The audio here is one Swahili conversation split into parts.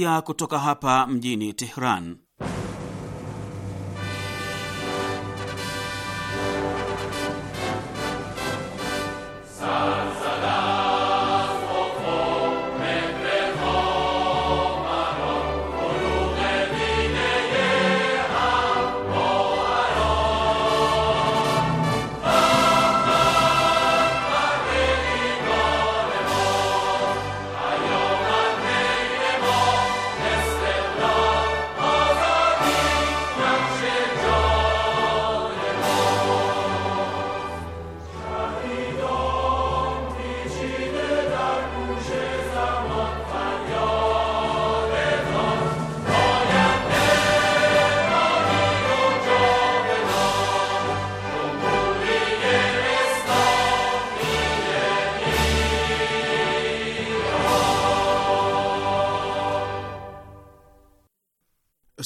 ya kutoka hapa mjini Tehran.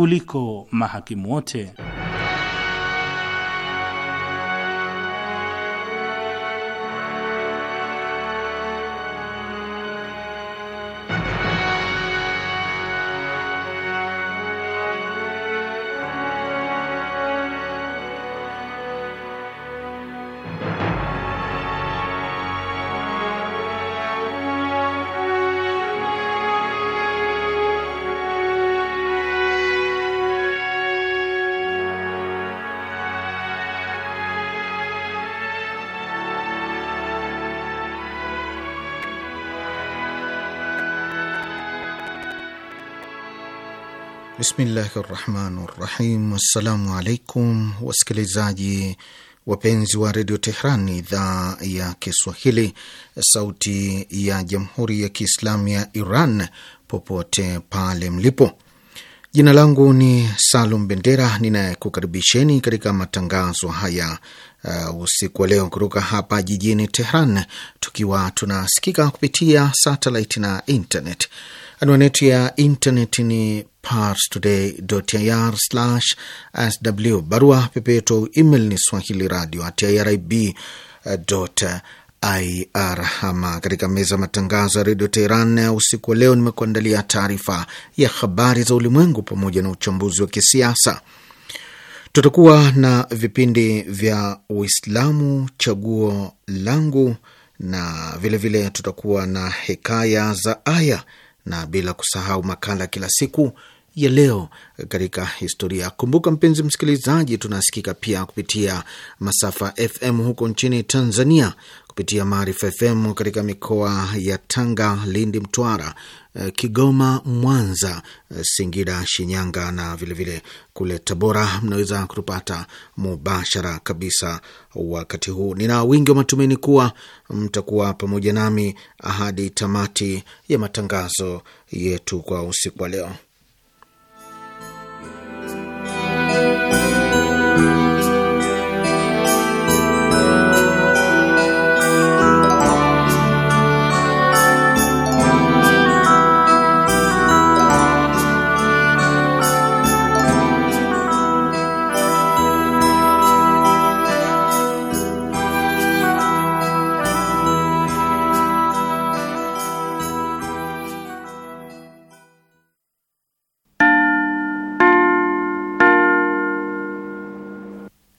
kuliko mahakimu wote. Bismillahi rahmani rahim. Assalamu alaikum wasikilizaji wapenzi wa redio Tehran, idhaa ya Kiswahili, sauti ya jamhuri ya Kiislamu ya Iran, popote pale mlipo. Jina langu ni Salum Bendera, ninayekukaribisheni katika matangazo haya uh, usiku wa leo kutoka hapa jijini Tehran, tukiwa tunasikika kupitia satelit na internet. Anwani yetu ya intaneti ni parstoday.ir/sw. Barua pepe yetu email ni swahili radio at irib.ir. Ama katika meza ya matangazo ya redio Teheran usiku wa leo, nimekuandalia taarifa ya habari za ulimwengu pamoja na uchambuzi wa kisiasa. Tutakuwa na vipindi vya Uislamu, chaguo langu, na vilevile vile tutakuwa na hekaya za aya na bila kusahau makala kila siku ya leo katika historia. Kumbuka mpenzi msikilizaji, tunasikika pia kupitia masafa FM huko nchini Tanzania kupitia Maarifa FM katika mikoa ya Tanga, Lindi, Mtwara, Eh, Kigoma, Mwanza, eh, Singida, Shinyanga na vilevile vile kule Tabora. Mnaweza kutupata mubashara kabisa wakati huu. Nina wingi wa matumaini kuwa mtakuwa pamoja nami hadi tamati ya matangazo yetu kwa usiku wa leo.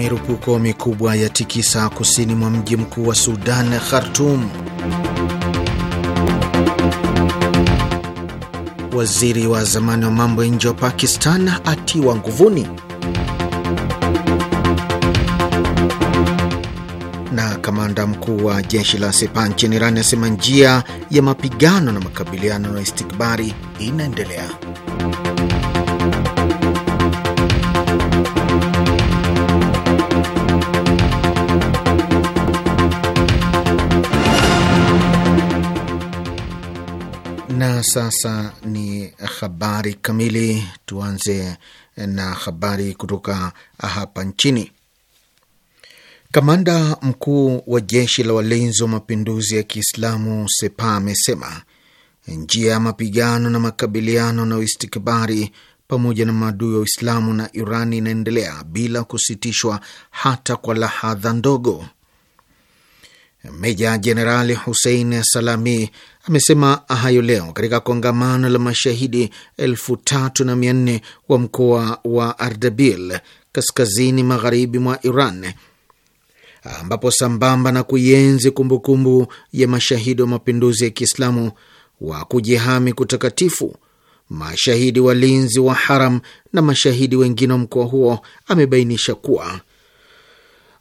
mirupuko mikubwa ya tikisa kusini mwa mji mkuu wa Sudan, Khartum. Waziri wa zamani wa mambo ya nje wa Pakistan atiwa nguvuni. Na kamanda mkuu wa jeshi la Sepa nchini Iran asema njia ya mapigano na makabiliano na istikbari inaendelea. sasa ni habari kamili. Tuanze na habari kutoka hapa nchini. Kamanda mkuu wa jeshi la walinzi wa mapinduzi ya Kiislamu Sepa amesema njia ya mapigano na makabiliano na uistikbari pamoja na maadui wa Uislamu na Irani inaendelea bila kusitishwa hata kwa lahadha ndogo. Meja Jenerali Hussein Salami amesema hayo leo katika kongamano la mashahidi elfu tatu na mia nne wa mkoa wa Ardabil kaskazini magharibi mwa Iran ambapo sambamba na kuienzi kumbukumbu ya mashahidi wa mapinduzi ya Kiislamu wa kujihami kutakatifu mashahidi walinzi wa haram na mashahidi wengine wa mkoa huo, amebainisha kuwa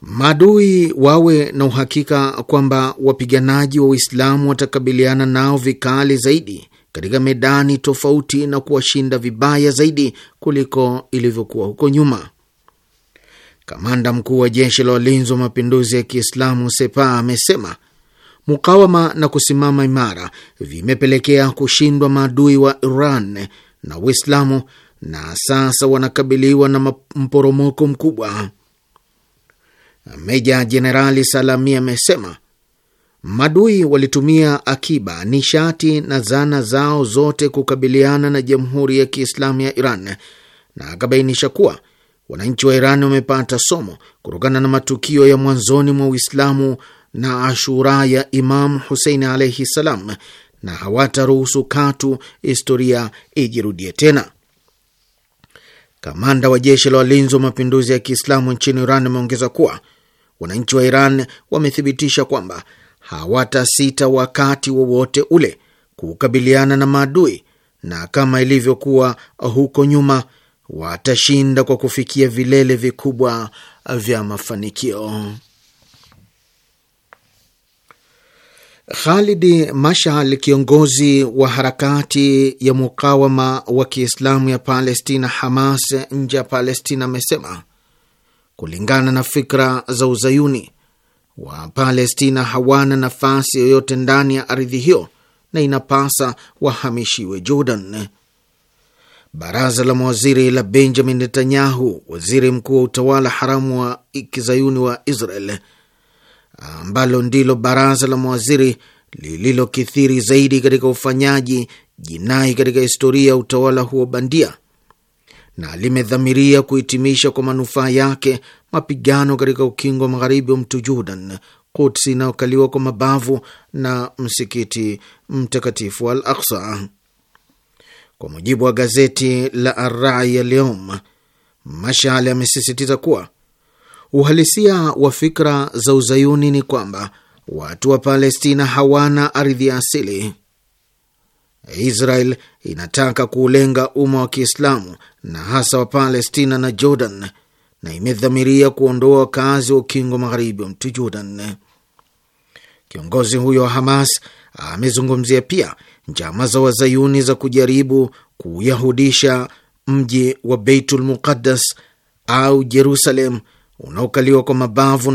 maadui wawe na uhakika kwamba wapiganaji wa Uislamu watakabiliana nao vikali zaidi katika medani tofauti na kuwashinda vibaya zaidi kuliko ilivyokuwa huko nyuma. Kamanda mkuu wa jeshi la walinzi wa mapinduzi ya Kiislamu Sepa amesema mukawama na kusimama imara vimepelekea kushindwa maadui wa Iran na Uislamu, na sasa wanakabiliwa na mporomoko mkubwa. Meja Jenerali Salami amesema madui walitumia akiba, nishati na zana zao zote kukabiliana na Jamhuri ya Kiislamu ya Iran, na akabainisha kuwa wananchi wa Iran wamepata somo kutokana na matukio ya mwanzoni mwa Uislamu na Ashura ya Imamu Husein alaihi ssalam, na hawataruhusu katu historia ijirudie tena. Kamanda wa jeshi la walinzi wa mapinduzi ya Kiislamu nchini Iran ameongeza kuwa wananchi wa Iran wamethibitisha kwamba hawatasita wakati wowote wa ule kukabiliana na maadui, na kama ilivyokuwa huko nyuma watashinda kwa kufikia vilele vikubwa vya mafanikio. Khalidi Mashal, kiongozi wa harakati ya mukawama wa Kiislamu ya Palestina, Hamas, nje ya Palestina, amesema kulingana na fikra za Uzayuni, wa palestina hawana nafasi yoyote ndani ya ardhi hiyo na inapasa wahamishiwe Jordan. Baraza la mawaziri la Benjamin Netanyahu, waziri mkuu wa utawala haramu wa kizayuni wa Israel, ambalo ndilo baraza la mawaziri lililokithiri zaidi katika ufanyaji jinai katika historia ya utawala huo bandia na limedhamiria kuhitimisha kwa manufaa yake mapigano katika ukingo wa magharibi wa mto Jordan, Quds inayokaliwa kwa mabavu na msikiti mtakatifu wa Al Aksa. Kwa mujibu wa gazeti la Arrai ya Leom, mashale amesisitiza kuwa Uhalisia wa fikra za uzayuni ni kwamba watu wa Palestina hawana ardhi ya asili. Israel inataka kuulenga umma wa Kiislamu na hasa wa Palestina na Jordan, na imedhamiria kuondoa wakazi wa ukingo magharibi wa mto Jordan. Kiongozi huyo wa Hamas amezungumzia pia njama za wazayuni za kujaribu kuyahudisha mji wa Beitul Muqaddas au Jerusalem unaokaliwa kwa mabavu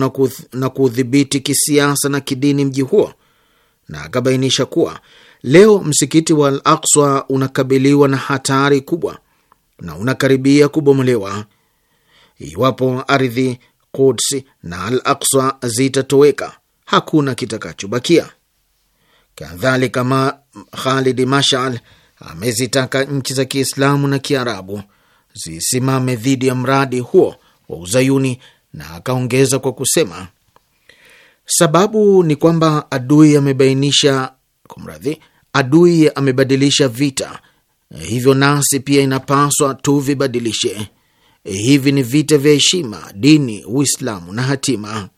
na kuudhibiti kisiasa na kidini mji huo, na akabainisha kuwa leo msikiti wa Al unakabiliwa na hatari kubwa na unakaribia kubomolewa. Iwapo ardhi Quds na Al zitatoweka, hakuna kitakachobakia. Kadhalika, ma Mashal amezitaka nchi za Kiislamu na Kiarabu zisimame dhidi ya mradi huo wa uzayuni na akaongeza kwa kusema, sababu ni kwamba adui amebainisha, kumradhi, adui amebadilisha vita, hivyo nasi pia inapaswa tuvibadilishe. Hivi ni vita vya heshima, dini, Uislamu na hatima.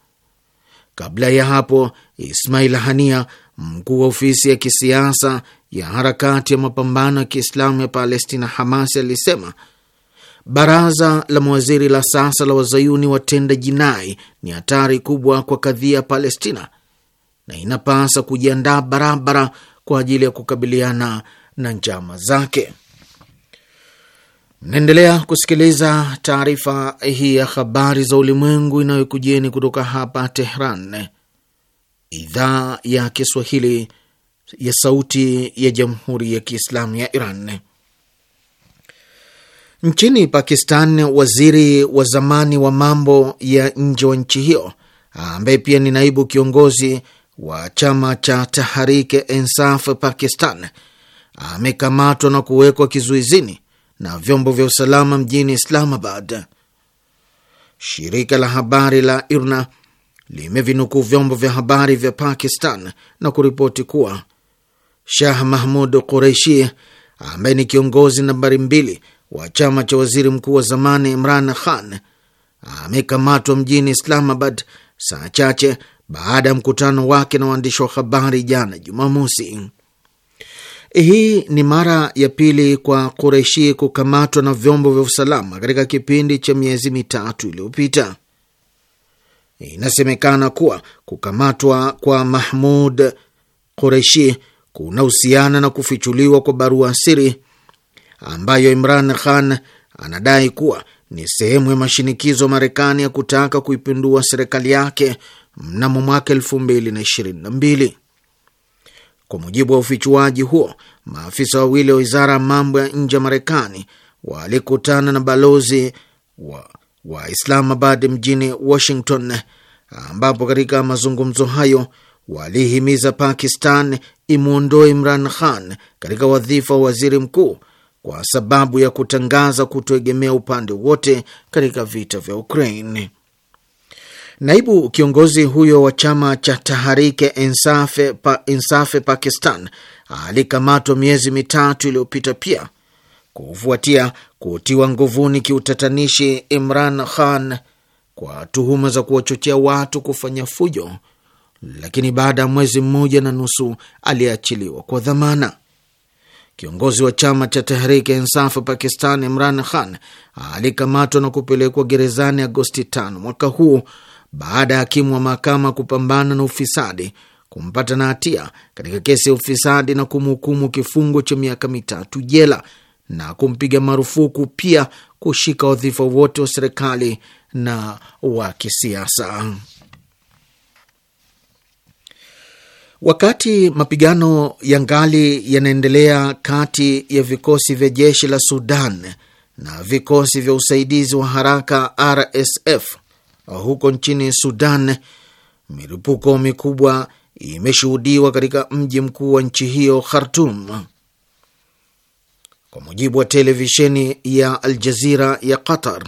Kabla ya hapo, Ismail Hania, mkuu wa ofisi ya kisiasa ya harakati ya mapambano ya Kiislamu ya Palestina, Hamas, alisema Baraza la mawaziri la sasa la wazayuni watenda jinai ni hatari kubwa kwa kadhia ya Palestina na inapasa kujiandaa barabara kwa ajili ya kukabiliana na njama zake. naendelea kusikiliza taarifa hii ya habari za ulimwengu inayokujieni kutoka hapa Tehran, idhaa ya Kiswahili ya Sauti ya Jamhuri ya Kiislamu ya Iran. Nchini Pakistan, waziri wa zamani wa mambo ya nje wa nchi hiyo ambaye pia ni naibu kiongozi wa chama cha Tahariki Insaf Pakistan amekamatwa na kuwekwa kizuizini na vyombo vya usalama mjini Islamabad. Shirika la habari la IRNA limevinukuu vyombo vya habari vya Pakistan na kuripoti kuwa Shah Mahmud Qureishi ambaye ni kiongozi nambari mbili wa chama cha waziri mkuu wa zamani Imran Khan amekamatwa mjini Islamabad saa chache baada ya mkutano wake na waandishi wa habari jana Jumamosi. Hii ni mara ya pili kwa Qureshi kukamatwa na vyombo vya usalama katika kipindi cha miezi mitatu iliyopita. Inasemekana kuwa kukamatwa kwa Mahmud Qureshi kunahusiana na kufichuliwa kwa barua siri ambayo Imran Khan anadai kuwa ni sehemu ya mashinikizo Marekani ya kutaka kuipindua serikali yake mnamo mwaka elfu mbili na ishirini na mbili. Kwa mujibu wa ufichuaji huo, maafisa wawili wa wizara ya mambo ya nje ya Marekani walikutana na balozi wa, wa Islamabad mjini Washington, ambapo katika mazungumzo hayo walihimiza Pakistan imwondoe Imran Khan katika wadhifa wa waziri mkuu kwa sababu ya kutangaza kutoegemea upande wote katika vita vya Ukraine. Naibu kiongozi huyo wa chama cha Taharike Insafe, pa, Insafe Pakistan alikamatwa miezi mitatu iliyopita pia kufuatia kutiwa nguvuni kiutatanishi Imran Khan kwa tuhuma za kuwachochea watu kufanya fujo, lakini baada ya mwezi mmoja na nusu aliachiliwa kwa dhamana. Kiongozi wa chama cha Tahriki ya Insafu Pakistan, Imran Khan, alikamatwa na kupelekwa gerezani Agosti 5 mwaka huu baada ya hakimu wa mahakama kupambana na ufisadi kumpata na hatia katika kesi ya ufisadi na kumhukumu kifungo cha miaka mitatu jela na kumpiga marufuku pia kushika wadhifa wote wa serikali na wa kisiasa. Wakati mapigano ya ngali yanaendelea kati ya vikosi vya jeshi la Sudan na vikosi vya usaidizi wa haraka RSF huko nchini Sudan, milipuko mikubwa imeshuhudiwa katika mji mkuu wa nchi hiyo Khartum. Kwa mujibu wa televisheni ya Al Jazira ya Qatar,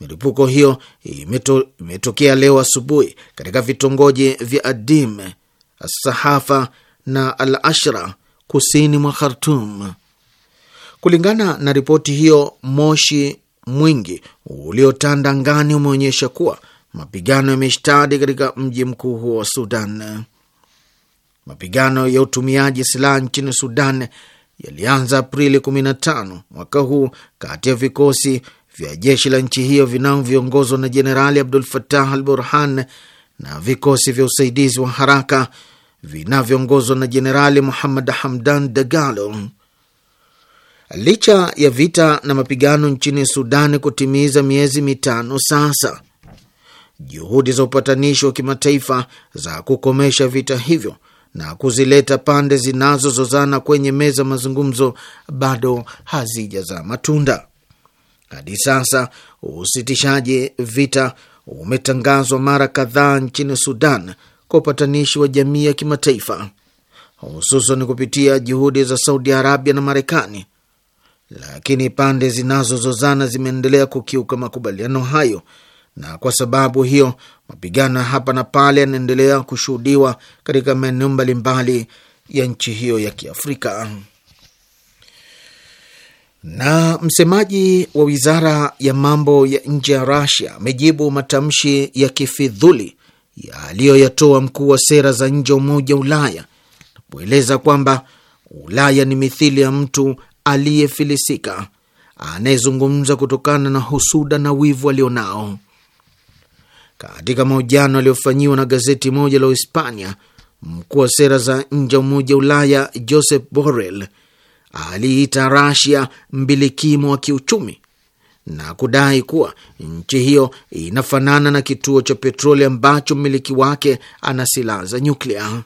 milipuko hiyo imetokea leo asubuhi katika vitongoji vya Adim Sahafa na Al Ashra kusini mwa Khartum. Kulingana na ripoti hiyo, moshi mwingi uliotanda ngani umeonyesha kuwa mapigano yameshtadi katika mji mkuu huo wa Sudan. Mapigano ya utumiaji silaha nchini Sudan yalianza Aprili 15 mwaka huu kati ya vikosi vya jeshi la nchi hiyo vinavyoongozwa na Jenerali Abdul fatah al Burhan na vikosi vya usaidizi wa haraka vinavyoongozwa na Jenerali Muhammad Hamdan Dagalo. Licha ya vita na mapigano nchini Sudani kutimiza miezi mitano sasa, juhudi za upatanishi wa kimataifa za kukomesha vita hivyo na kuzileta pande zinazozozana kwenye meza mazungumzo bado hazijazaa matunda. Hadi sasa usitishaji vita umetangazwa mara kadhaa nchini Sudan kwa upatanishi wa jamii ya kimataifa, hususan kupitia juhudi za Saudi Arabia na Marekani, lakini pande zinazozozana zimeendelea kukiuka makubaliano hayo, na kwa sababu hiyo mapigano hapa na pale yanaendelea kushuhudiwa katika maeneo mbalimbali ya nchi hiyo ya Kiafrika. Na msemaji wa wizara ya mambo ya nje ya Rasia amejibu matamshi ya kifidhuli yaliyoyatoa mkuu wa sera za nje wa Umoja wa Ulaya na kueleza kwamba Ulaya ni mithili ya mtu aliyefilisika anayezungumza kutokana na husuda na wivu alionao. Katika mahojiano aliyofanyiwa na gazeti moja la Uhispania, mkuu wa sera za nje wa Umoja wa Ulaya Josep Borrell aliita Rasia mbilikimo wa kiuchumi na kudai kuwa nchi hiyo inafanana na kituo cha petroli ambacho mmiliki wake ana silaha za nyuklia.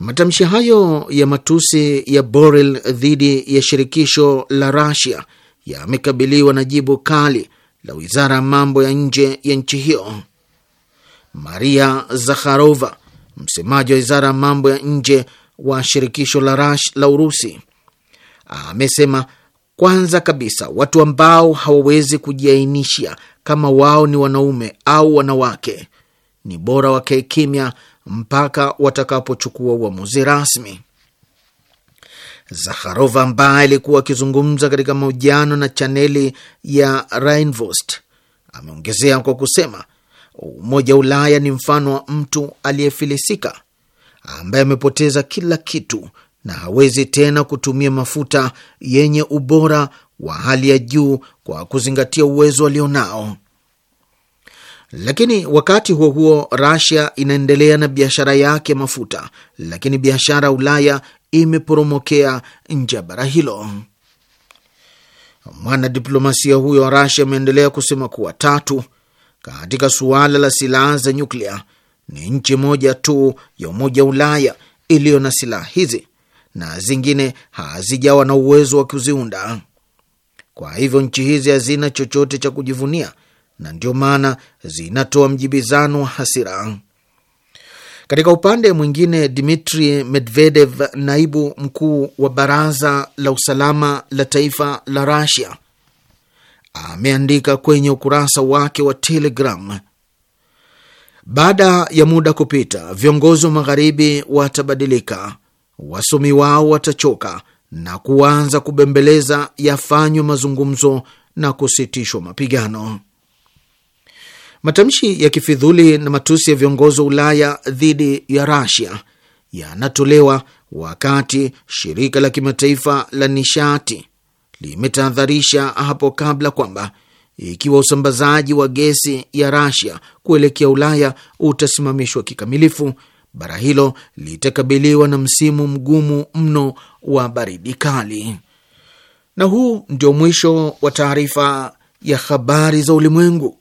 Matamshi hayo ya matusi ya Borel dhidi ya shirikisho la Rasia yamekabiliwa na jibu kali la wizara ya mambo ya nje ya nchi hiyo. Maria Zakharova, msemaji wa wizara ya mambo ya nje wa shirikisho la Rash la Urusi amesema kwanza kabisa watu ambao hawawezi kujiainishia kama wao ni wanaume au wanawake ni bora wakae kimya mpaka watakapochukua uamuzi rasmi. Zakharova ambaye alikuwa akizungumza katika mahojiano na chaneli ya Reinvost ameongezea kwa kusema Umoja wa Ulaya ni mfano wa mtu aliyefilisika ambaye amepoteza kila kitu na hawezi tena kutumia mafuta yenye ubora wa hali ya juu kwa kuzingatia uwezo alionao. Lakini wakati huo huo, Russia inaendelea na biashara yake ya mafuta, lakini biashara ya Ulaya imeporomokea nje ya bara hilo. Mwanadiplomasia huyo wa Russia ameendelea kusema kuwa tatu katika suala la silaha za nyuklia ni nchi moja tu ya Umoja wa Ulaya iliyo na silaha hizi na zingine hazijawa na uwezo wa kuziunda. Kwa hivyo nchi hizi hazina chochote cha kujivunia, na ndio maana zinatoa mjibizano wa hasira. Katika upande mwingine, Dmitri Medvedev, naibu mkuu wa baraza la usalama la taifa la Rasia, ameandika kwenye ukurasa wake wa Telegram baada ya muda kupita, viongozi wa magharibi watabadilika, wasomi wao watachoka na kuanza kubembeleza yafanywe mazungumzo na kusitishwa mapigano. Matamshi ya kifidhuli na matusi ya viongozi wa Ulaya dhidi ya Rasia yanatolewa wakati shirika la kimataifa la nishati limetahadharisha hapo kabla kwamba ikiwa usambazaji wa gesi ya Rasia kuelekea Ulaya utasimamishwa kikamilifu, bara hilo litakabiliwa na msimu mgumu mno wa baridi kali. Na huu ndio mwisho wa taarifa ya habari za ulimwengu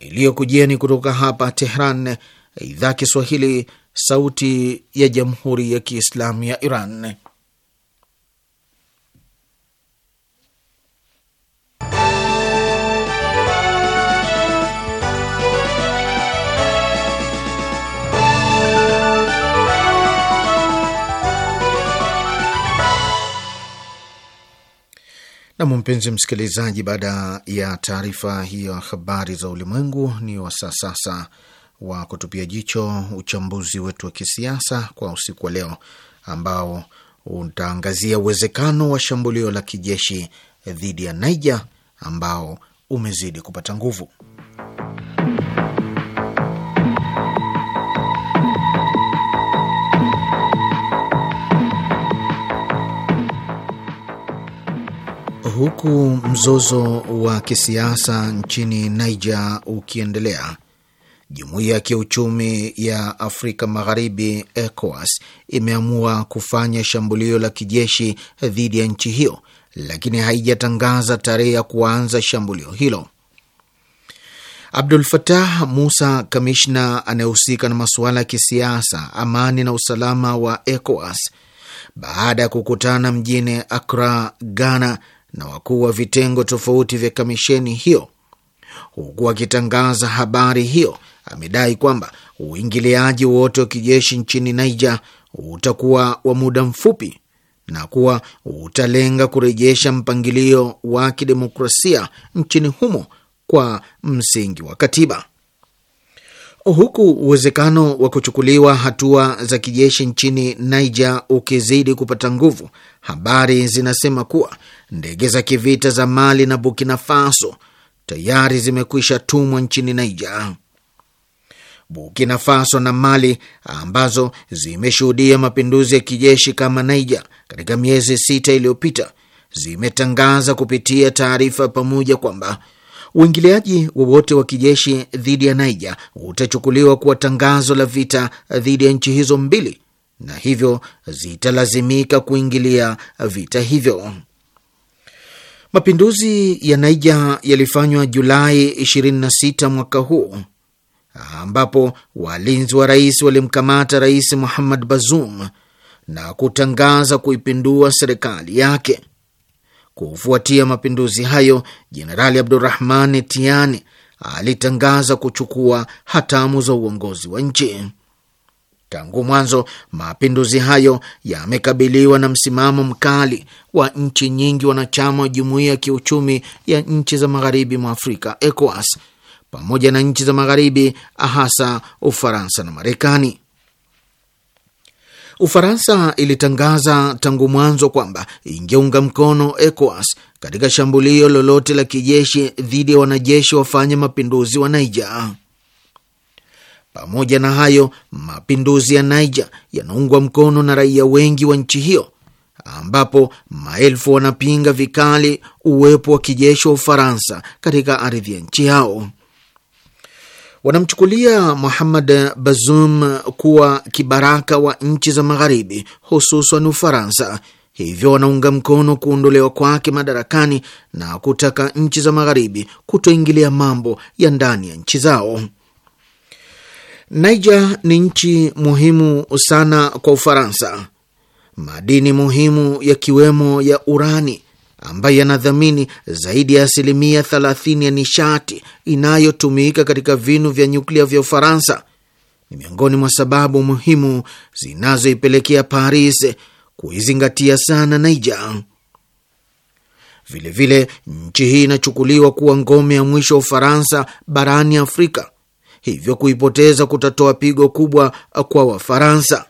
iliyokujieni kutoka hapa Tehran, idhaa Kiswahili, sauti ya jamhuri ya kiislamu ya Iran. Nam, mpenzi msikilizaji, baada ya taarifa hiyo habari za ulimwengu, ni wasaa sasa wa kutupia jicho uchambuzi wetu wa kisiasa kwa usiku wa leo ambao utaangazia uwezekano wa shambulio la kijeshi dhidi ya Niger ambao umezidi kupata nguvu. Huku mzozo wa kisiasa nchini Niger ukiendelea, jumuiya ya kiuchumi ya Afrika Magharibi, ECOWAS, imeamua kufanya shambulio la kijeshi dhidi ya nchi hiyo, lakini haijatangaza tarehe ya kuanza shambulio hilo. Abdul Fatah Musa, kamishna anayehusika na masuala ya kisiasa, amani na usalama wa ECOWAS, baada ya kukutana mjini Akra, Ghana na wakuu wa vitengo tofauti vya kamisheni hiyo. Huku akitangaza habari hiyo, amedai kwamba uingiliaji wote wa kijeshi nchini Niger utakuwa wa muda mfupi na kuwa utalenga kurejesha mpangilio wa kidemokrasia nchini humo kwa msingi wa katiba, huku uwezekano wa kuchukuliwa hatua za kijeshi nchini Niger ukizidi kupata nguvu. Habari zinasema kuwa ndege za kivita za Mali na Burkina Faso tayari zimekwisha tumwa nchini Naija. Burkina Faso na Mali ambazo zimeshuhudia mapinduzi ya kijeshi kama Naija katika miezi sita iliyopita zimetangaza kupitia taarifa pamoja kwamba uingiliaji wowote wa kijeshi dhidi ya Naija utachukuliwa kuwa tangazo la vita dhidi ya nchi hizo mbili na hivyo zitalazimika kuingilia vita hivyo. Mapinduzi ya Naija yalifanywa Julai 26 mwaka huu ambapo walinzi wa rais walimkamata Rais Muhammad Bazoum na kutangaza kuipindua serikali yake. Kufuatia mapinduzi hayo, Jenerali Abdurahmani Tiani alitangaza kuchukua hatamu za uongozi wa nchi. Tangu mwanzo mapinduzi hayo yamekabiliwa na msimamo mkali wa nchi nyingi wanachama wa jumuiya ya kiuchumi ya nchi za magharibi mwa Afrika, ECOWAS, pamoja na nchi za magharibi hasa Ufaransa na Marekani. Ufaransa ilitangaza tangu mwanzo kwamba ingeunga mkono ECOWAS katika shambulio lolote la kijeshi dhidi ya wanajeshi wafanya mapinduzi wa Niger. Pamoja na hayo, mapinduzi ya Niger yanaungwa mkono na raia wengi wa nchi hiyo, ambapo maelfu wanapinga vikali uwepo wa kijeshi wa Ufaransa katika ardhi ya nchi yao. Wanamchukulia Muhammad Bazoum kuwa kibaraka wa nchi za Magharibi, hususan Ufaransa. Hivyo wanaunga mkono kuondolewa kwake madarakani na kutaka nchi za Magharibi kutoingilia mambo ya ndani ya nchi zao. Niger ni nchi muhimu sana kwa Ufaransa. Madini muhimu yakiwemo ya urani ambayo yanadhamini zaidi ya asilimia 30 ya nishati inayotumika katika vinu vya nyuklia vya Ufaransa ni miongoni mwa sababu muhimu zinazoipelekea Paris kuizingatia sana Niger. Vilevile, nchi hii inachukuliwa kuwa ngome ya mwisho wa Ufaransa barani Afrika hivyo kuipoteza kutatoa pigo kubwa kwa Wafaransa.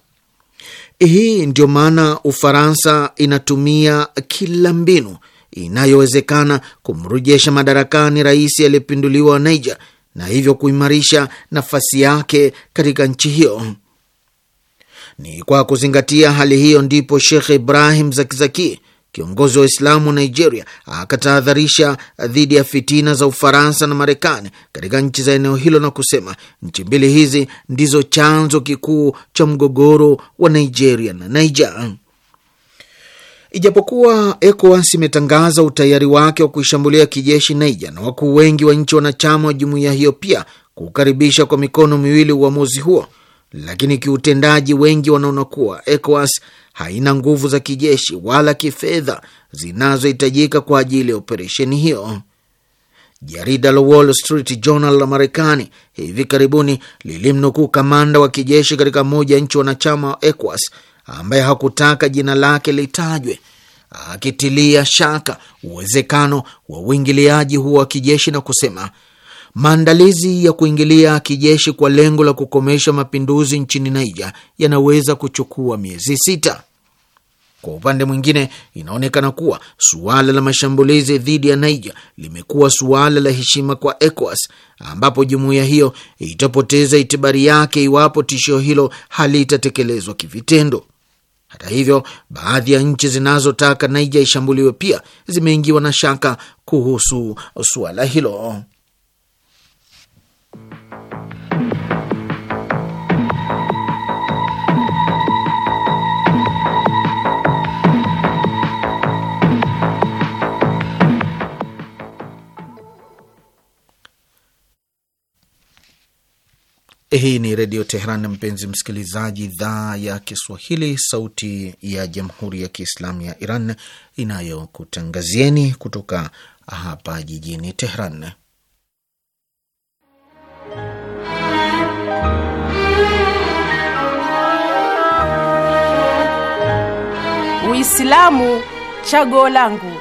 Hii ndio maana Ufaransa inatumia kila mbinu inayowezekana kumrejesha madarakani rais aliyepinduliwa wa Niger na hivyo kuimarisha nafasi yake katika nchi hiyo. Ni kwa kuzingatia hali hiyo ndipo Shekh Ibrahim Zakizaki Kiongozi wa Waislamu Nigeria akatahadharisha dhidi ya fitina za Ufaransa na Marekani katika nchi za eneo hilo na kusema nchi mbili hizi ndizo chanzo kikuu cha mgogoro wa Nigeria na Niger. Ijapokuwa ECOWAS imetangaza utayari wake wa kuishambulia kijeshi Niger na wakuu wengi wa nchi wanachama wa jumuiya hiyo pia kukaribisha kwa mikono miwili uamuzi huo lakini kiutendaji, wengi wanaona kuwa ECOWAS haina nguvu za kijeshi wala kifedha zinazohitajika kwa ajili ya operesheni hiyo. Jarida la Wall Street Journal la Marekani hivi karibuni lilimnukuu kamanda wa kijeshi katika moja ya nchi wanachama wa ECOWAS ambaye hakutaka jina lake litajwe akitilia shaka uwezekano wa uingiliaji huo wa kijeshi na kusema Maandalizi ya kuingilia kijeshi kwa lengo la kukomesha mapinduzi nchini Naija yanaweza kuchukua miezi sita. Kwa upande mwingine, inaonekana kuwa suala la mashambulizi dhidi ya Naija limekuwa suala la heshima kwa ECOWAS, ambapo jumuiya hiyo itapoteza itibari yake iwapo tishio hilo halitatekelezwa kivitendo. Hata hivyo, baadhi ya nchi zinazotaka Naija ishambuliwe pia zimeingiwa na shaka kuhusu suala hilo. Hii ni Redio Teheran, mpenzi msikilizaji, idhaa ya Kiswahili, sauti ya Jamhuri ya Kiislamu ya Iran inayokutangazieni kutoka hapa jijini Teheran. Uislamu chaguo langu.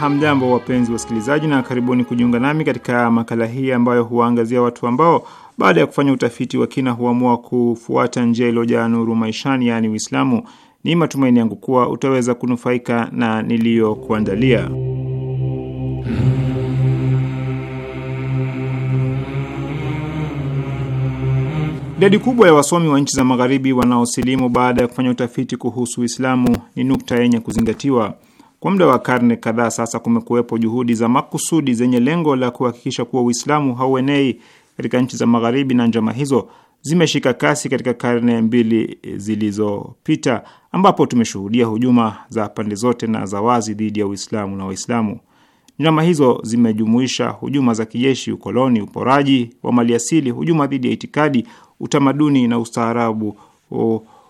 Hamjambo wapenzi wasikilizaji, na karibuni kujiunga nami katika makala hii ambayo huwaangazia watu ambao baada ya kufanya utafiti wa kina huamua kufuata njia iliyojaa nuru maishani, yaani Uislamu. Ni matumaini yangu kuwa utaweza kunufaika na niliyokuandalia. Idadi kubwa ya wasomi wa nchi za magharibi wanaosilimu baada ya kufanya utafiti kuhusu Uislamu ni nukta yenye kuzingatiwa. Kwa muda wa karne kadhaa sasa, kumekuwepo juhudi za makusudi zenye lengo la kuhakikisha kuwa Uislamu hauenei katika nchi za magharibi na njama hizo zimeshika kasi katika karne mbili zilizopita, ambapo tumeshuhudia hujuma za pande zote na za wazi dhidi ya Uislamu na Waislamu. Njama hizo zimejumuisha hujuma za kijeshi, ukoloni, uporaji wa maliasili, hujuma dhidi ya itikadi, utamaduni na ustaarabu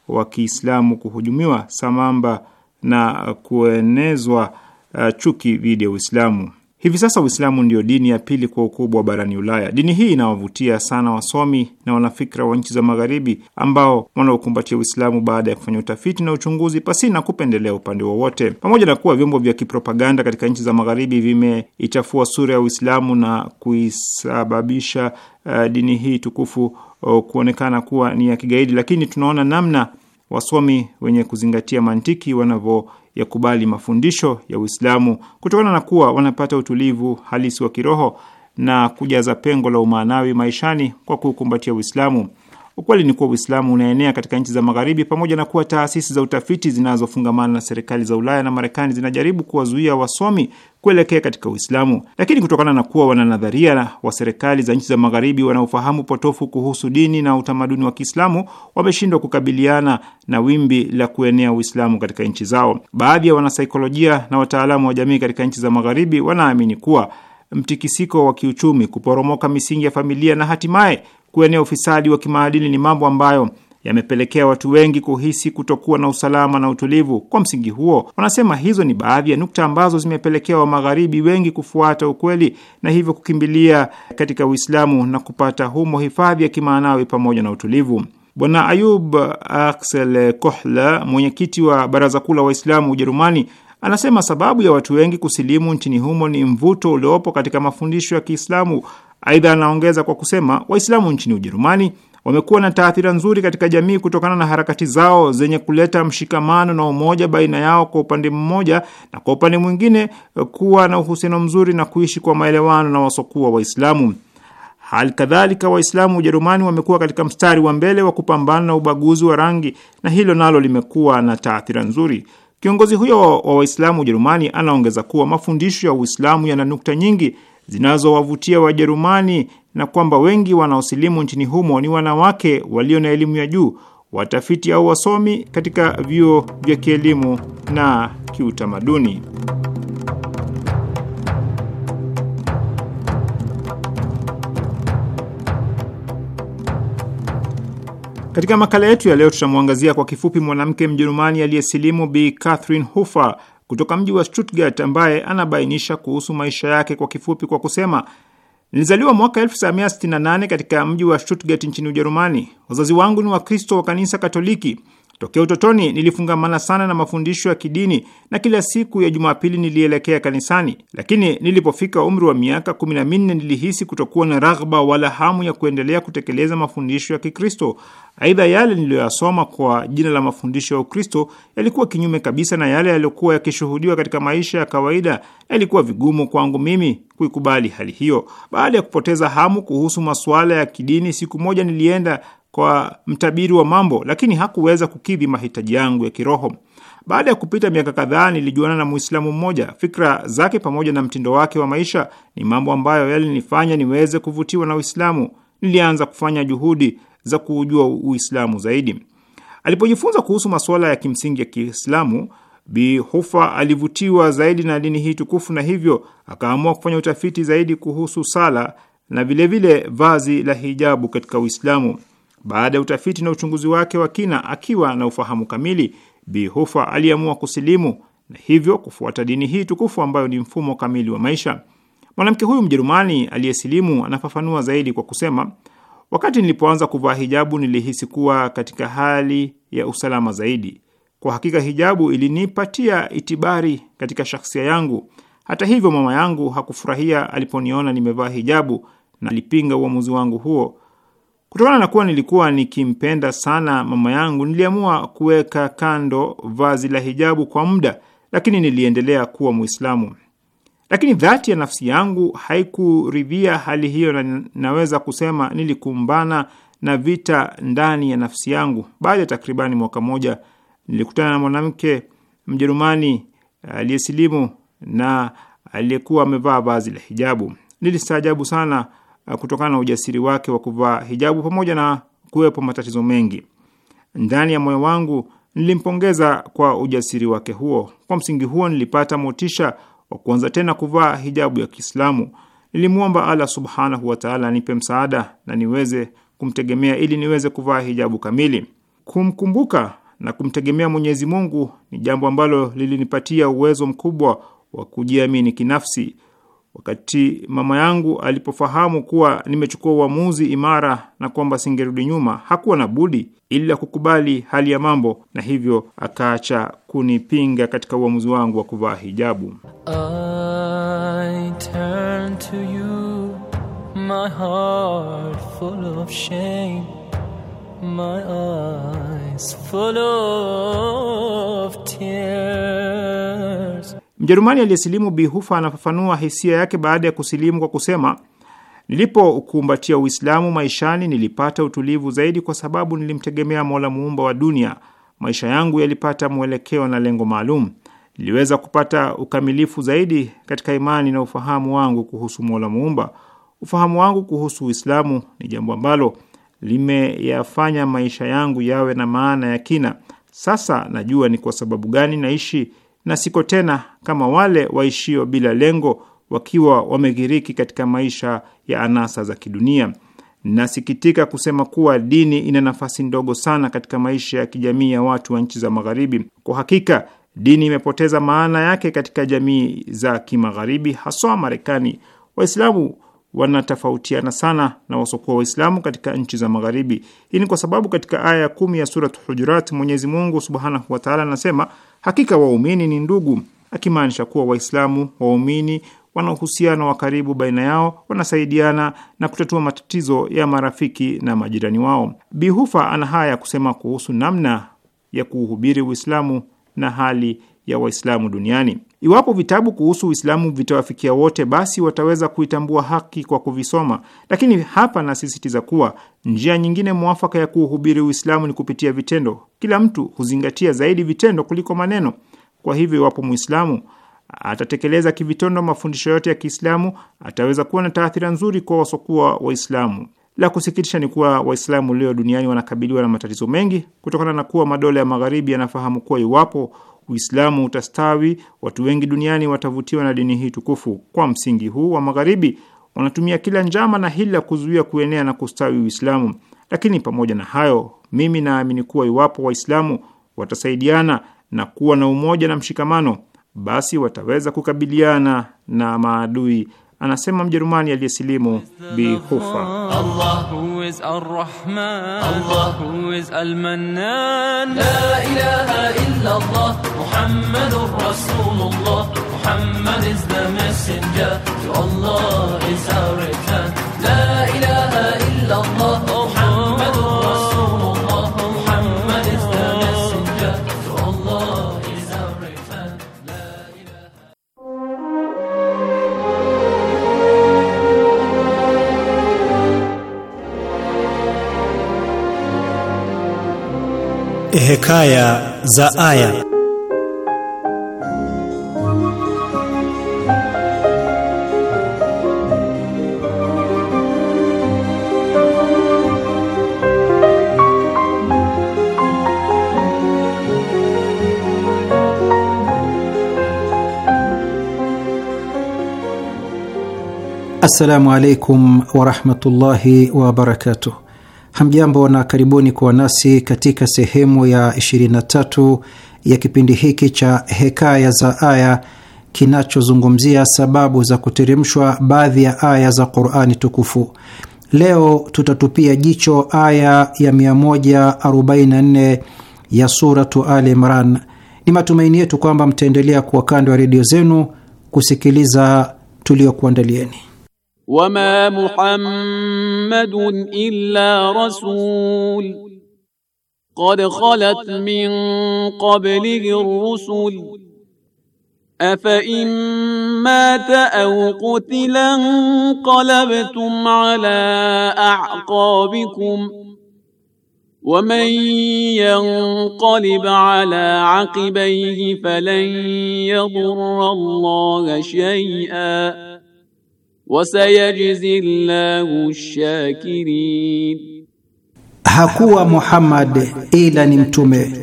wa Kiislamu kuhujumiwa, sambamba na kuenezwa uh, chuki dhidi ya Uislamu. Hivi sasa Uislamu ndio dini ya pili kwa ukubwa barani Ulaya. Dini hii inawavutia sana wasomi na wanafikra wa nchi za Magharibi ambao wanaokumbatia Uislamu baada ya kufanya utafiti na uchunguzi pasi na kupendelea upande wowote. Pamoja na kuwa vyombo vya kipropaganda katika nchi za Magharibi vimeichafua sura ya Uislamu na kuisababisha uh, dini hii tukufu uh, kuonekana kuwa ni ya kigaidi, lakini tunaona namna wasomi wenye kuzingatia mantiki wanavyo ya kubali mafundisho ya Uislamu kutokana na kuwa wanapata utulivu halisi wa kiroho na kujaza pengo la umaanawi maishani kwa kuukumbatia Uislamu. Ukweli ni kuwa Uislamu unaenea katika nchi za Magharibi, pamoja na kuwa taasisi za utafiti zinazofungamana na serikali za Ulaya na Marekani zinajaribu kuwazuia wasomi kuelekea katika Uislamu, lakini kutokana na kuwa wananadharia wa serikali za nchi za Magharibi wanaofahamu potofu kuhusu dini na utamaduni wa Kiislamu wameshindwa kukabiliana na wimbi la kuenea Uislamu katika nchi zao. Baadhi ya wanasaikolojia na wataalamu wa jamii katika nchi za Magharibi wanaamini kuwa mtikisiko wa kiuchumi, kuporomoka misingi ya familia na hatimaye kuenea ufisadi wa kimaadili ni mambo ambayo yamepelekea watu wengi kuhisi kutokuwa na usalama na utulivu. Kwa msingi huo, wanasema hizo ni baadhi ya nukta ambazo zimepelekea wa magharibi wengi kufuata ukweli na hivyo kukimbilia katika Uislamu na kupata humo hifadhi ya kimaanawi pamoja na utulivu. Bwana Ayub Axel Kohler, mwenyekiti wa Baraza Kuu la Waislamu Ujerumani, anasema sababu ya watu wengi kusilimu nchini humo ni mvuto uliopo katika mafundisho ya Kiislamu Aidha, anaongeza kwa kusema Waislamu nchini Ujerumani wamekuwa na taathira nzuri katika jamii kutokana na harakati zao zenye kuleta mshikamano na umoja baina yao kwa upande mmoja, na kwa upande mwingine eh, kuwa na uhusiano mzuri na kuishi kwa maelewano na wasokuwa Waislamu. Hali kadhalika Waislamu Ujerumani wamekuwa katika mstari wa mbele wa kupambana na ubaguzi wa rangi, na hilo nalo limekuwa na taathira nzuri. Kiongozi huyo wa Waislamu Ujerumani anaongeza kuwa mafundisho ya Uislamu yana nukta nyingi zinazowavutia Wajerumani na kwamba wengi wanaosilimu nchini humo ni wanawake walio na elimu ya juu, watafiti au wasomi katika vyuo vya kielimu na kiutamaduni. Katika makala yetu ya leo tutamwangazia kwa kifupi mwanamke Mjerumani aliyesilimu Bi Catherine hufer kutoka mji wa Stuttgart ambaye anabainisha kuhusu maisha yake kwa kifupi kwa kusema Nilizaliwa mwaka 1968 katika mji wa Stuttgart nchini Ujerumani. Wazazi wangu ni Wakristo wa kanisa Katoliki. Tokea utotoni nilifungamana sana na mafundisho ya kidini na kila siku ya Jumapili nilielekea kanisani, lakini nilipofika umri wa miaka kumi na minne nilihisi kutokuwa na raghba wala hamu ya kuendelea kutekeleza mafundisho ya Kikristo. Aidha, yale niliyoyasoma kwa jina la mafundisho ya Ukristo yalikuwa kinyume kabisa na yale yaliyokuwa yakishuhudiwa katika maisha ya kawaida. Yalikuwa vigumu kwangu mimi kuikubali hali hiyo. Baada ya kupoteza hamu kuhusu masuala ya kidini, siku moja nilienda kwa mtabiri wa mambo, lakini hakuweza kukidhi mahitaji yangu ya kiroho. Baada ya kupita miaka kadhaa, nilijuana na Muislamu mmoja. Fikra zake pamoja na mtindo wake wa maisha ni mambo ambayo yalinifanya niweze kuvutiwa na Uislamu. Nilianza kufanya juhudi za kuujua Uislamu zaidi. Alipojifunza kuhusu masuala ya kimsingi ya Kiislamu, Bi Hufa alivutiwa zaidi na dini hii tukufu, na hivyo akaamua kufanya utafiti zaidi kuhusu sala na vilevile vile vazi la hijabu katika Uislamu. Baada ya utafiti na uchunguzi wake wa kina, akiwa na ufahamu kamili, Bi Hufa aliamua kusilimu na hivyo kufuata dini hii tukufu ambayo ni mfumo kamili wa maisha. Mwanamke huyu Mjerumani aliyesilimu anafafanua zaidi kwa kusema, wakati nilipoanza kuvaa hijabu nilihisi kuwa katika hali ya usalama zaidi. Kwa hakika hijabu ilinipatia itibari katika shaksia yangu. Hata hivyo, mama yangu hakufurahia aliponiona nimevaa hijabu na alipinga uamuzi wangu huo. Kutokana na kuwa nilikuwa nikimpenda sana mama yangu, niliamua kuweka kando vazi la hijabu kwa muda, lakini niliendelea kuwa Mwislamu. Lakini dhati ya nafsi yangu haikuridhia hali hiyo, na naweza kusema nilikumbana na vita ndani ya nafsi yangu. Baada ya takribani mwaka mmoja, nilikutana na mwanamke Mjerumani aliyesilimu na aliyekuwa amevaa vazi la hijabu. Nilistaajabu sana Eh, kutokana na ujasiri wake wa kuvaa hijabu pamoja na kuwepo matatizo mengi. Ndani ya moyo wangu nilimpongeza kwa ujasiri wake huo. Kwa msingi huo, nilipata motisha wa kuanza tena kuvaa hijabu ya Kiislamu. Nilimwomba Allah subhanahu wataala anipe msaada na niweze kumtegemea ili niweze kuvaa hijabu kamili. Kumkumbuka na kumtegemea Mwenyezi Mungu ni jambo ambalo lilinipatia uwezo mkubwa wa kujiamini kinafsi. Wakati mama yangu alipofahamu kuwa nimechukua uamuzi imara na kwamba singerudi nyuma, hakuwa na budi la kukubali hali ya mambo, na hivyo akaacha kunipinga katika uamuzi wangu wa kuvaa hijabu. I turn to you, my heart full of shame, my eyes full of tears. Mjerumani aliyesilimu Bihufa anafafanua hisia yake baada ya kusilimu kwa kusema, nilipokumbatia Uislamu maishani nilipata utulivu zaidi, kwa sababu nilimtegemea Mola muumba wa dunia. Maisha yangu yalipata mwelekeo na lengo maalum. Niliweza kupata ukamilifu zaidi katika imani na ufahamu wangu kuhusu Mola muumba. Ufahamu wangu kuhusu Uislamu ni jambo ambalo limeyafanya maisha yangu yawe na maana ya kina. Sasa najua ni kwa sababu gani naishi na siko tena kama wale waishio bila lengo, wakiwa wamegiriki katika maisha ya anasa za kidunia. Nasikitika kusema kuwa dini ina nafasi ndogo sana katika maisha ya kijamii ya watu wa nchi za Magharibi. Kwa hakika, dini imepoteza maana yake katika jamii za Kimagharibi, haswa Marekani. Waislamu wanatofautiana sana na wasokuwa Waislamu katika nchi za Magharibi. Hii ni kwa sababu katika aya ya kumi ya Surat Hujurat, Mwenyezi Mungu subhanahu wataala anasema Hakika waumini ni ndugu, akimaanisha kuwa Waislamu waumini wana uhusiano wa karibu baina yao, wanasaidiana na kutatua matatizo ya marafiki na majirani wao. Bihufa ana haya ya kusema kuhusu namna ya kuuhubiri Uislamu na hali ya Waislamu duniani. Iwapo vitabu kuhusu Uislamu vitawafikia wote, basi wataweza kuitambua haki kwa kuvisoma. Lakini hapa nasisitiza kuwa njia nyingine mwafaka ya kuhubiri Uislamu ni kupitia vitendo. Kila mtu huzingatia zaidi vitendo kuliko maneno. Kwa hivyo, iwapo Muislamu atatekeleza kivitendo mafundisho yote ya Kiislamu, ataweza kuwa na taathira nzuri kwa wasokuwa Waislamu. La kusikitisha ni kuwa Waislamu leo duniani wanakabiliwa na matatizo mengi kutokana na kuwa madola ya Magharibi yanafahamu kuwa iwapo Uislamu utastawi, watu wengi duniani watavutiwa na dini hii tukufu. Kwa msingi huu wa Magharibi wanatumia kila njama na hila kuzuia kuenea na kustawi Uislamu. Lakini pamoja na hayo, mimi naamini kuwa iwapo Waislamu watasaidiana na kuwa na umoja na mshikamano, basi wataweza kukabiliana na maadui, anasema Mjerumani aliyesilimu Bihufa Allahu. is الرحمن الله who is المنان لا إله إلا الله محمد رسول الله Muhammad is the messenger to Allah is our return لا إله إلا الله Hekaya za Aya. Assalamu alaikum warahmatullahi wabarakatuh. Hamjambo na karibuni kuwa nasi katika sehemu ya 23 ya kipindi hiki cha Hekaya za Aya kinachozungumzia sababu za kuteremshwa baadhi ya aya za Qurani Tukufu. Leo tutatupia jicho aya ya 144 ya Suratu Al Imran. Ni matumaini yetu kwamba mtaendelea kuwa kando ya redio zenu kusikiliza tuliokuandalieni. وما محمد الا رسول قد خلت من قبله الرسل افان مات او قتلا انقلبتم على اعقابكم ومن ينقلب على عقبيه فلن يضر الله شيئا Wasayajzi Allahu shakirin, hakuwa Muhammad ila ni mtume,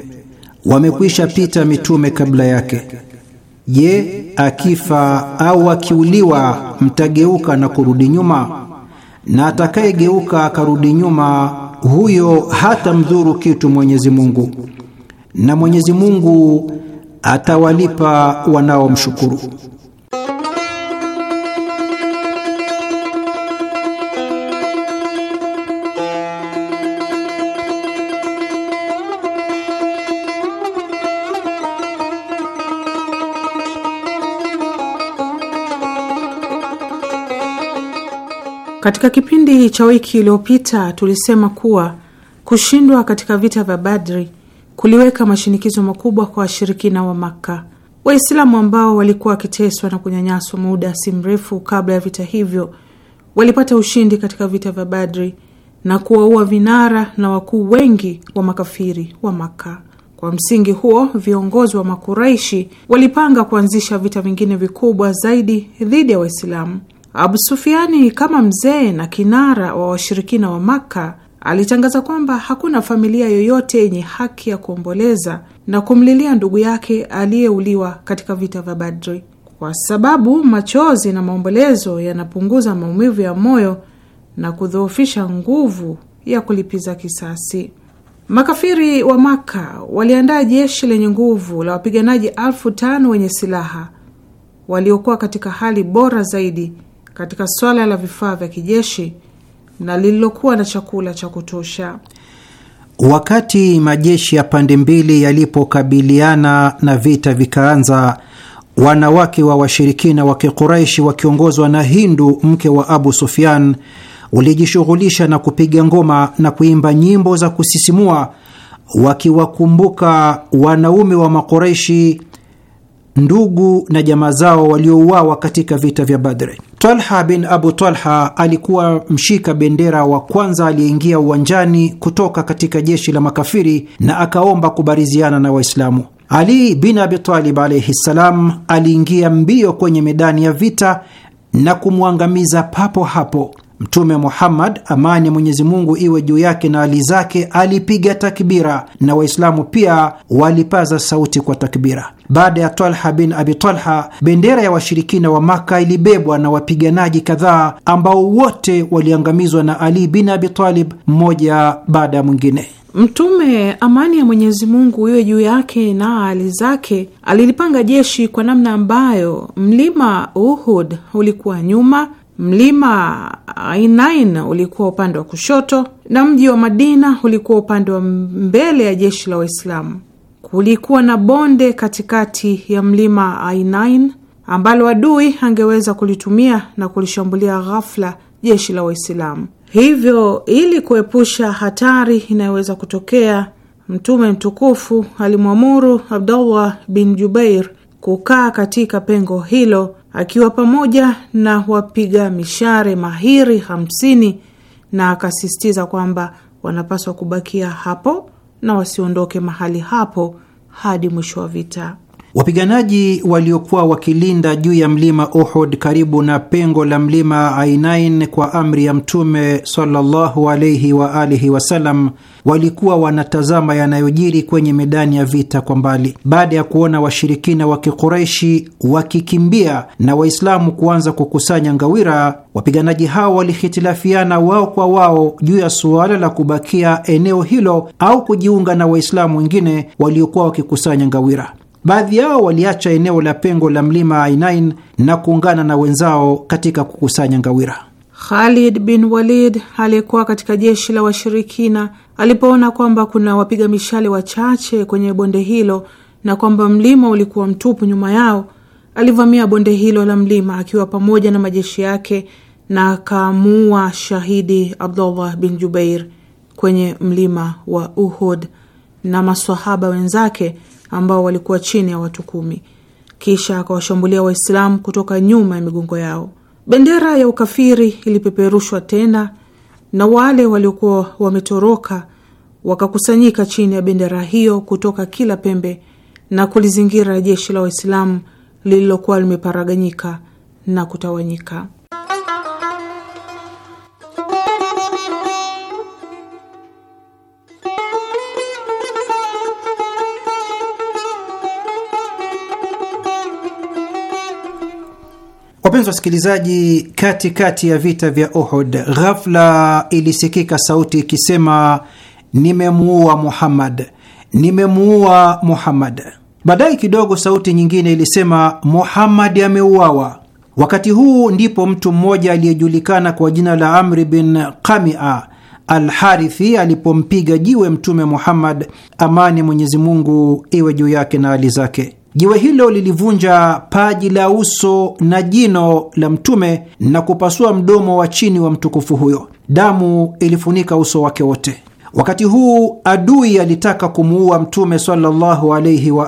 wamekwisha pita mitume kabla yake. Je, akifa au akiuliwa mtageuka na kurudi nyuma? Na atakayegeuka akarudi nyuma, huyo hata mdhuru kitu Mwenyezi Mungu, na Mwenyezi Mungu atawalipa wanaomshukuru. Katika kipindi cha wiki iliyopita tulisema kuwa kushindwa katika vita vya Badri kuliweka mashinikizo makubwa kwa washirikina wa Makka. Waislamu ambao walikuwa wakiteswa na kunyanyaswa muda si mrefu kabla ya vita hivyo walipata ushindi katika vita vya Badri na kuwaua vinara na wakuu wengi wa makafiri wa Makka. Kwa msingi huo, viongozi wa Makuraishi walipanga kuanzisha vita vingine vikubwa zaidi dhidi ya Waislamu. Abu Sufiani kama mzee na kinara wa washirikina wa Makka alitangaza kwamba hakuna familia yoyote yenye haki ya kuomboleza na kumlilia ndugu yake aliyeuliwa katika vita vya Badri, kwa sababu machozi na maombolezo yanapunguza maumivu ya moyo na kudhoofisha nguvu ya kulipiza kisasi. Makafiri wa makka waliandaa jeshi lenye nguvu la wapiganaji elfu tano wenye silaha waliokuwa katika hali bora zaidi katika swala la vifaa vya kijeshi na lililokuwa na chakula cha kutosha. Wakati majeshi ya pande mbili yalipokabiliana na vita vikaanza, wanawake wa washirikina wa Kikuraishi wakiongozwa na Hindu, mke wa Abu Sufyan, walijishughulisha na kupiga ngoma na kuimba nyimbo za kusisimua, wakiwakumbuka wanaume wa Makuraishi ndugu na jamaa zao waliouawa katika vita vya Badri. Talha bin Abu Talha alikuwa mshika bendera wa kwanza aliyeingia uwanjani kutoka katika jeshi la makafiri na akaomba kubariziana na Waislamu. Ali bin Abi Talib alaihi ssalam aliingia mbio kwenye medani ya vita na kumwangamiza papo hapo. Mtume Muhammad, amani ya Mwenyezi Mungu iwe juu yake na hali zake, alipiga takbira na Waislamu pia walipaza sauti kwa takbira. Baada ya Talha bin Abi Talha, bendera ya washirikina wa Maka ilibebwa na wapiganaji kadhaa ambao wote waliangamizwa na Ali bin Abi Talib, mmoja baada ya mwingine. Mtume amani ya Mwenyezi Mungu iwe juu yake na ali zake alilipanga jeshi kwa namna ambayo mlima Uhud ulikuwa nyuma Mlima Ainain ulikuwa upande wa kushoto na mji wa Madina ulikuwa upande wa mbele ya jeshi la Waislamu. Kulikuwa na bonde katikati ya mlima Ainain ambalo adui angeweza kulitumia na kulishambulia ghafla jeshi la Waislamu. Hivyo, ili kuepusha hatari inayoweza kutokea, Mtume mtukufu alimwamuru Abdullah bin Jubair kukaa katika pengo hilo akiwa pamoja na wapiga mishare mahiri hamsini, na akasisitiza kwamba wanapaswa kubakia hapo na wasiondoke mahali hapo hadi mwisho wa vita. Wapiganaji waliokuwa wakilinda juu ya mlima Uhud karibu na pengo la mlima Ainain kwa amri ya Mtume sallallahu alaihi wa alihi wasallam walikuwa wanatazama yanayojiri kwenye medani ya vita kwa mbali. Baada ya kuona washirikina wa kikureishi wakikimbia na Waislamu kuanza kukusanya ngawira, wapiganaji hao walihitilafiana wao kwa wao juu ya suala la kubakia eneo hilo au kujiunga na Waislamu wengine waliokuwa wakikusanya ngawira. Baadhi yao waliacha eneo la pengo la mlima Ainain na kuungana na wenzao katika kukusanya ngawira. Khalid bin Walid aliyekuwa katika jeshi la washirikina alipoona kwamba kuna wapiga mishale wachache kwenye bonde hilo na kwamba mlima ulikuwa mtupu nyuma yao, alivamia bonde hilo la mlima akiwa pamoja na majeshi yake na akaamua shahidi Abdullah bin Jubair kwenye mlima wa Uhud na maswahaba wenzake ambao walikuwa chini ya watu kumi. Kisha akawashambulia Waislamu kutoka nyuma ya migongo yao. Bendera ya ukafiri ilipeperushwa tena, na wale waliokuwa wametoroka wakakusanyika chini ya bendera hiyo kutoka kila pembe na kulizingira jeshi la Waislamu lililokuwa limeparaganyika na kutawanyika. Wapenzi wasikilizaji, katikati ya vita vya Uhud, ghafla ilisikika sauti ikisema, nimemuua Muhammad, nimemuua Muhammad. Baadaye kidogo sauti nyingine ilisema, Muhammadi ameuawa. Wakati huu ndipo mtu mmoja aliyejulikana kwa jina la Amri bin Qamia Alharithi alipompiga jiwe Mtume Muhammad, amani Mwenyezi Mungu iwe juu yake na hali zake. Jiwe hilo lilivunja paji la uso na jino la Mtume na kupasua mdomo wa chini wa mtukufu huyo. Damu ilifunika uso wake wote. Wakati huu adui alitaka kumuua Mtume sallallahu wa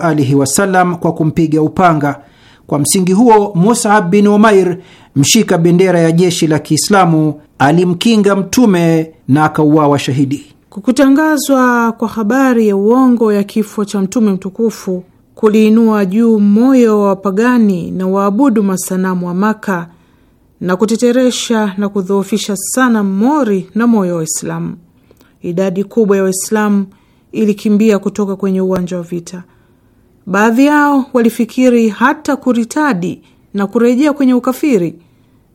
alihi wasallam kwa kumpiga upanga. Kwa msingi huo, Musab bin Umair, mshika bendera ya jeshi la Kiislamu, alimkinga Mtume na akauawa shahidi. Kwa kutangazwa kwa habari ya uongo ya kifo cha Mtume mtukufu kuliinua juu moyo wa wapagani na waabudu masanamu wa Maka na kuteteresha na kudhoofisha sana mori na moyo wa Waislamu. Idadi kubwa ya Waislamu ilikimbia kutoka kwenye uwanja wa vita. Baadhi yao walifikiri hata kuritadi na kurejea kwenye ukafiri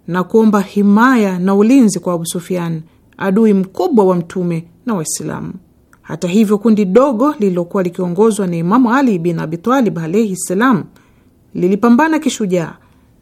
na kuomba himaya na ulinzi kwa Abu Sufyan, adui mkubwa wa Mtume na Waislamu. Hata hivyo, kundi dogo lililokuwa likiongozwa na Imamu Ali bin Abitalib alaihi ssalam lilipambana kishujaa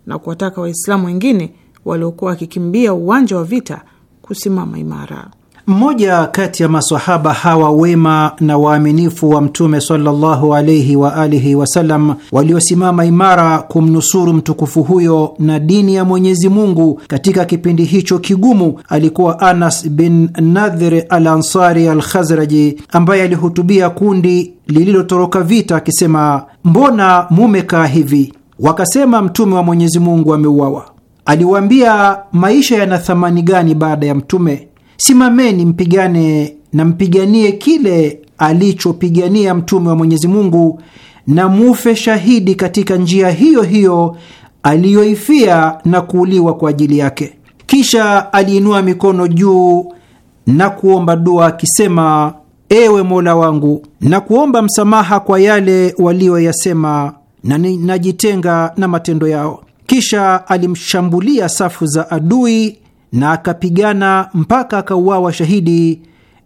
na kuwataka Waislamu wengine waliokuwa wakikimbia uwanja wa vita kusimama imara. Mmoja kati ya masahaba hawa wema na waaminifu wa Mtume sallallahu alaihi wa alihi wasallam waliosimama imara kumnusuru mtukufu huyo na dini ya Mwenyezi Mungu katika kipindi hicho kigumu alikuwa Anas bin Nadhir al Ansari al Khazraji, ambaye alihutubia kundi lililotoroka vita akisema, mbona mumekaa hivi? Wakasema, Mtume wa Mwenyezi Mungu ameuawa. Aliwaambia, maisha yana thamani gani baada ya Mtume? Simameni mpigane na mpiganie kile alichopigania Mtume wa Mwenyezi Mungu na mufe shahidi katika njia hiyo hiyo aliyoifia na kuuliwa kwa ajili yake. Kisha aliinua mikono juu na kuomba dua akisema: Ewe Mola wangu, na kuomba msamaha kwa yale waliyoyasema na najitenga na matendo yao. Kisha alimshambulia safu za adui na akapigana mpaka akauawa shahidi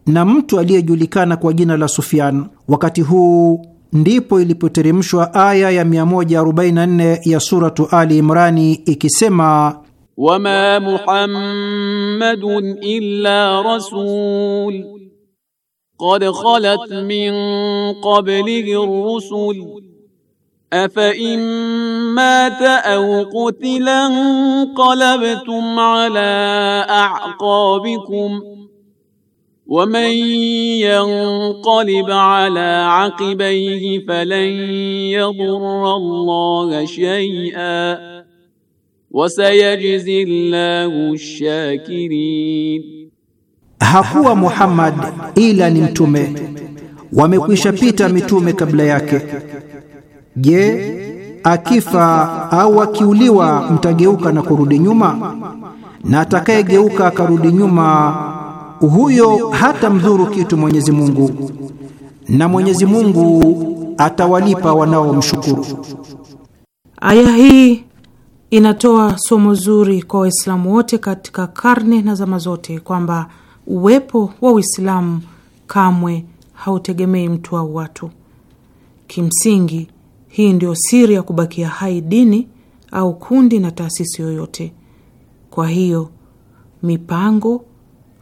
na mtu aliyejulikana kwa jina la Sufyan. Wakati huu ndipo ilipoteremshwa aya ya 144 ya Suratu Ali Imrani ikisema, wama Muhammadun illa rasul qad khalat min qablihi rusul Afa immata au qutila qalabtum ala a'qabikum wa man yanqalib ala aqibayhi falan yadurra Allaha shay'a wa sayajzi Allahu shakirin, hakuwa Muhammad ila ni mtume, wamekwisha pita mitume kabla yake Je, akifa au akiuliwa mtageuka na kurudi nyuma? Na atakayegeuka akarudi nyuma, huyo hata mdhuru kitu Mwenyezi Mungu, na Mwenyezi Mungu atawalipa wanaomshukuru. Aya hii inatoa somo zuri kwa Waislamu wote katika karne na zama zote kwamba uwepo wa Uislamu kamwe hautegemei mtu au watu. Kimsingi hii ndio siri ya kubakia hai dini au kundi na taasisi yoyote. Kwa hiyo mipango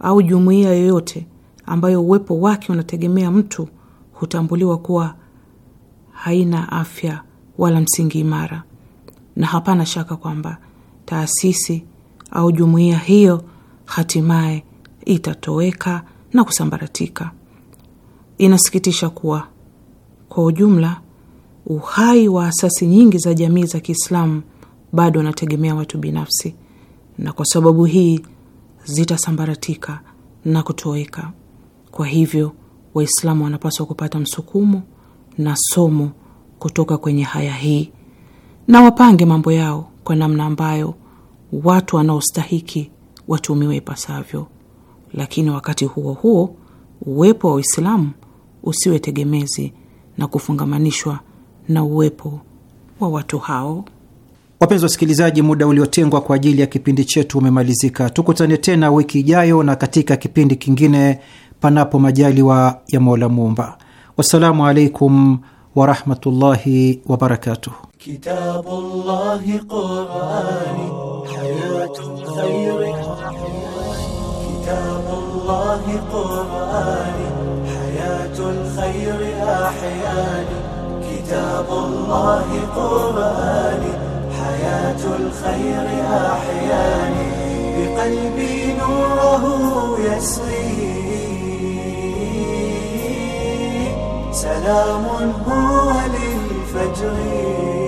au jumuiya yoyote ambayo uwepo wake unategemea mtu hutambuliwa kuwa haina afya wala msingi imara, na hapana shaka kwamba taasisi au jumuiya hiyo hatimaye itatoweka na kusambaratika. Inasikitisha kuwa kwa ujumla uhai wa asasi nyingi za jamii za Kiislamu bado wanategemea watu binafsi, na kwa sababu hii zitasambaratika na kutoweka. Kwa hivyo, Waislamu wanapaswa kupata msukumo na somo kutoka kwenye haya hii, na wapange mambo yao kwa namna ambayo watu wanaostahiki watumiwe ipasavyo. Lakini wakati huo huo, uwepo wa Uislamu usiwe tegemezi na kufungamanishwa na uwepo wa watu hao. Wapenzi wasikilizaji, muda uliotengwa kwa ajili ya kipindi chetu umemalizika. Tukutane tena wiki ijayo na katika kipindi kingine, panapo majaliwa ya Mola Muumba. Wassalamu alaikum warahmatullahi wabarakatuh. Kitabullahi Qurani khayri ahyani كتاب الله قرآني حياة الخير أحياني بقلبي نوره يسري سلام هو للفجر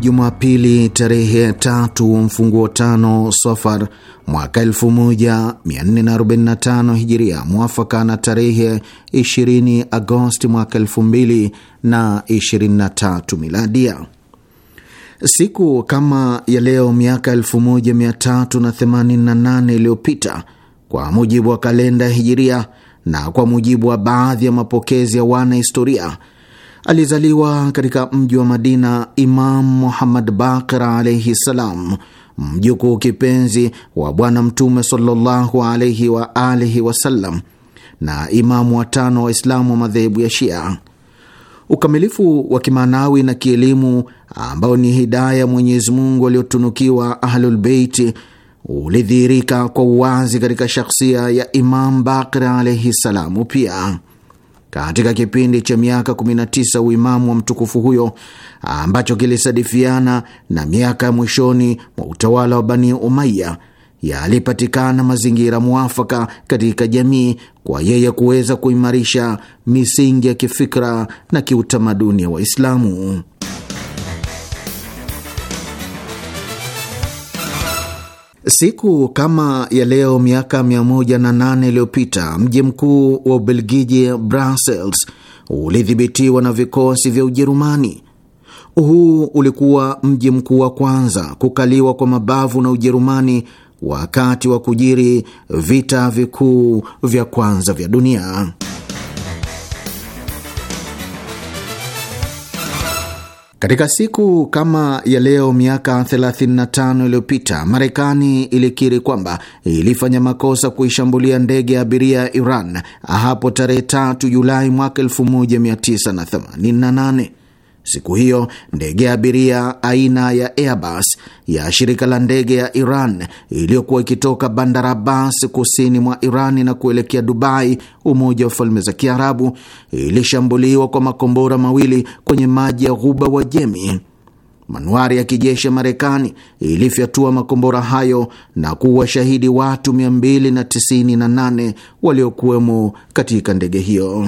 Jumapili tarehe tatu mfunguo tano Safar mwaka 1445 hijiria mwafaka na tarehe 20 Agosti mwaka 2023 miladia. Siku kama ya leo miaka 1388 iliyopita kwa mujibu wa kalenda hijiria na kwa mujibu wa baadhi ya mapokezi ya wanahistoria Alizaliwa katika mji wa Madina Imam Muhammad Baqir alaihi ssalam, mjukuu kipenzi wa Bwana Mtume sallallahu alaihi wa alihi wasallam na imamu wa tano wa islamu wa madhehebu ya Shia. Ukamilifu wa kimaanawi na kielimu ambao ni hidaya Mwenyezi Mungu aliotunukiwa Ahlulbeiti ulidhihirika kwa uwazi katika shakhsia ya Imam Bakir alaihi ssalamu. Pia katika kipindi cha miaka 19 uimamu wa mtukufu huyo ambacho kilisadifiana na miaka ya mwishoni mwa utawala wa Bani Umaya, yalipatikana mazingira mwafaka katika jamii kwa yeye kuweza kuimarisha misingi ya kifikra na kiutamaduni ya Waislamu. Siku kama ya leo miaka 108 iliyopita mji mkuu wa Ubelgiji, Brussels, ulidhibitiwa na vikosi vya Ujerumani. Huu ulikuwa mji mkuu wa kwanza kukaliwa kwa mabavu na Ujerumani wakati wa kujiri vita vikuu vya kwanza vya dunia. Katika siku kama ya leo miaka 35 iliyopita Marekani ilikiri kwamba ilifanya makosa kuishambulia ndege ya abiria ya Iran hapo tarehe 3 Julai mwaka 1988. Siku hiyo ndege ya abiria aina ya Airbus ya shirika la ndege ya Iran iliyokuwa ikitoka Bandar Abbas kusini mwa Iran na kuelekea Dubai, Umoja wa Falme za Kiarabu, ilishambuliwa kwa makombora mawili kwenye maji ya Ghuba Wajemi. Manuari ya kijeshi ya Marekani ilifyatua makombora hayo na kuwa shahidi watu 298 waliokuwemo katika ndege hiyo.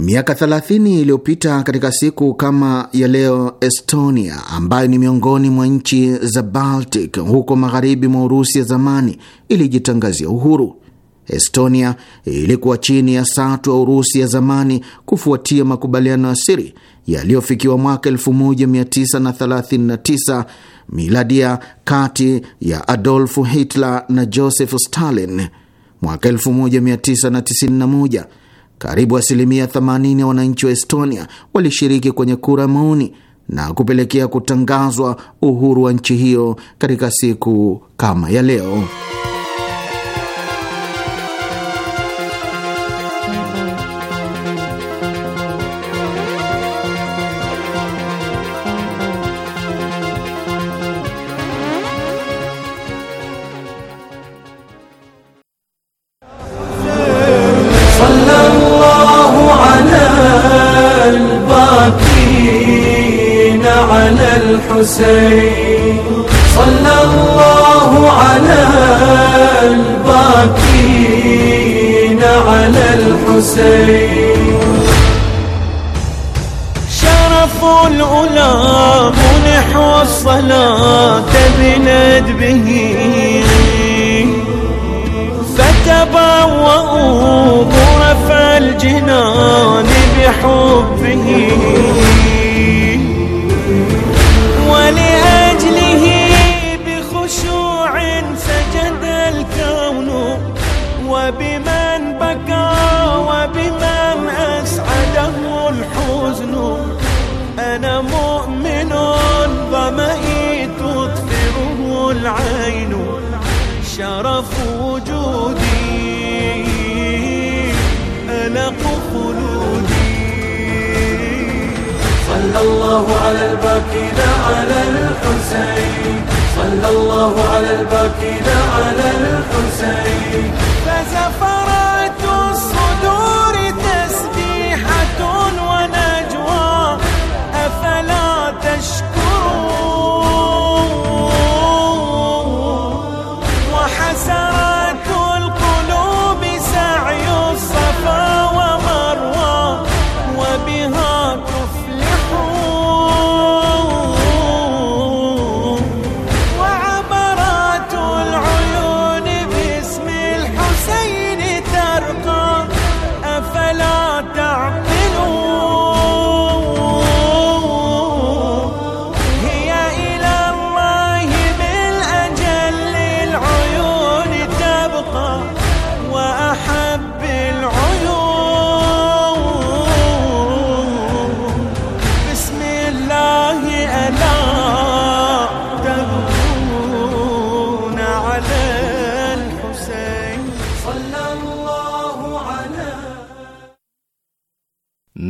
Miaka 30 iliyopita katika siku kama ya leo, Estonia ambayo ni miongoni mwa nchi za Baltic huko magharibi mwa Urusi ya zamani ilijitangazia uhuru. Estonia ilikuwa chini ya satwa ya Urusi ya zamani kufuatia makubaliano ya siri yaliyofikiwa mwaka 1939 miladia kati ya adolfu Hitler na Joseph Stalin. Mwaka 1991 karibu asilimia 80 ya wananchi wa Estonia walishiriki kwenye kura maoni na kupelekea kutangazwa uhuru wa nchi hiyo katika siku kama ya leo.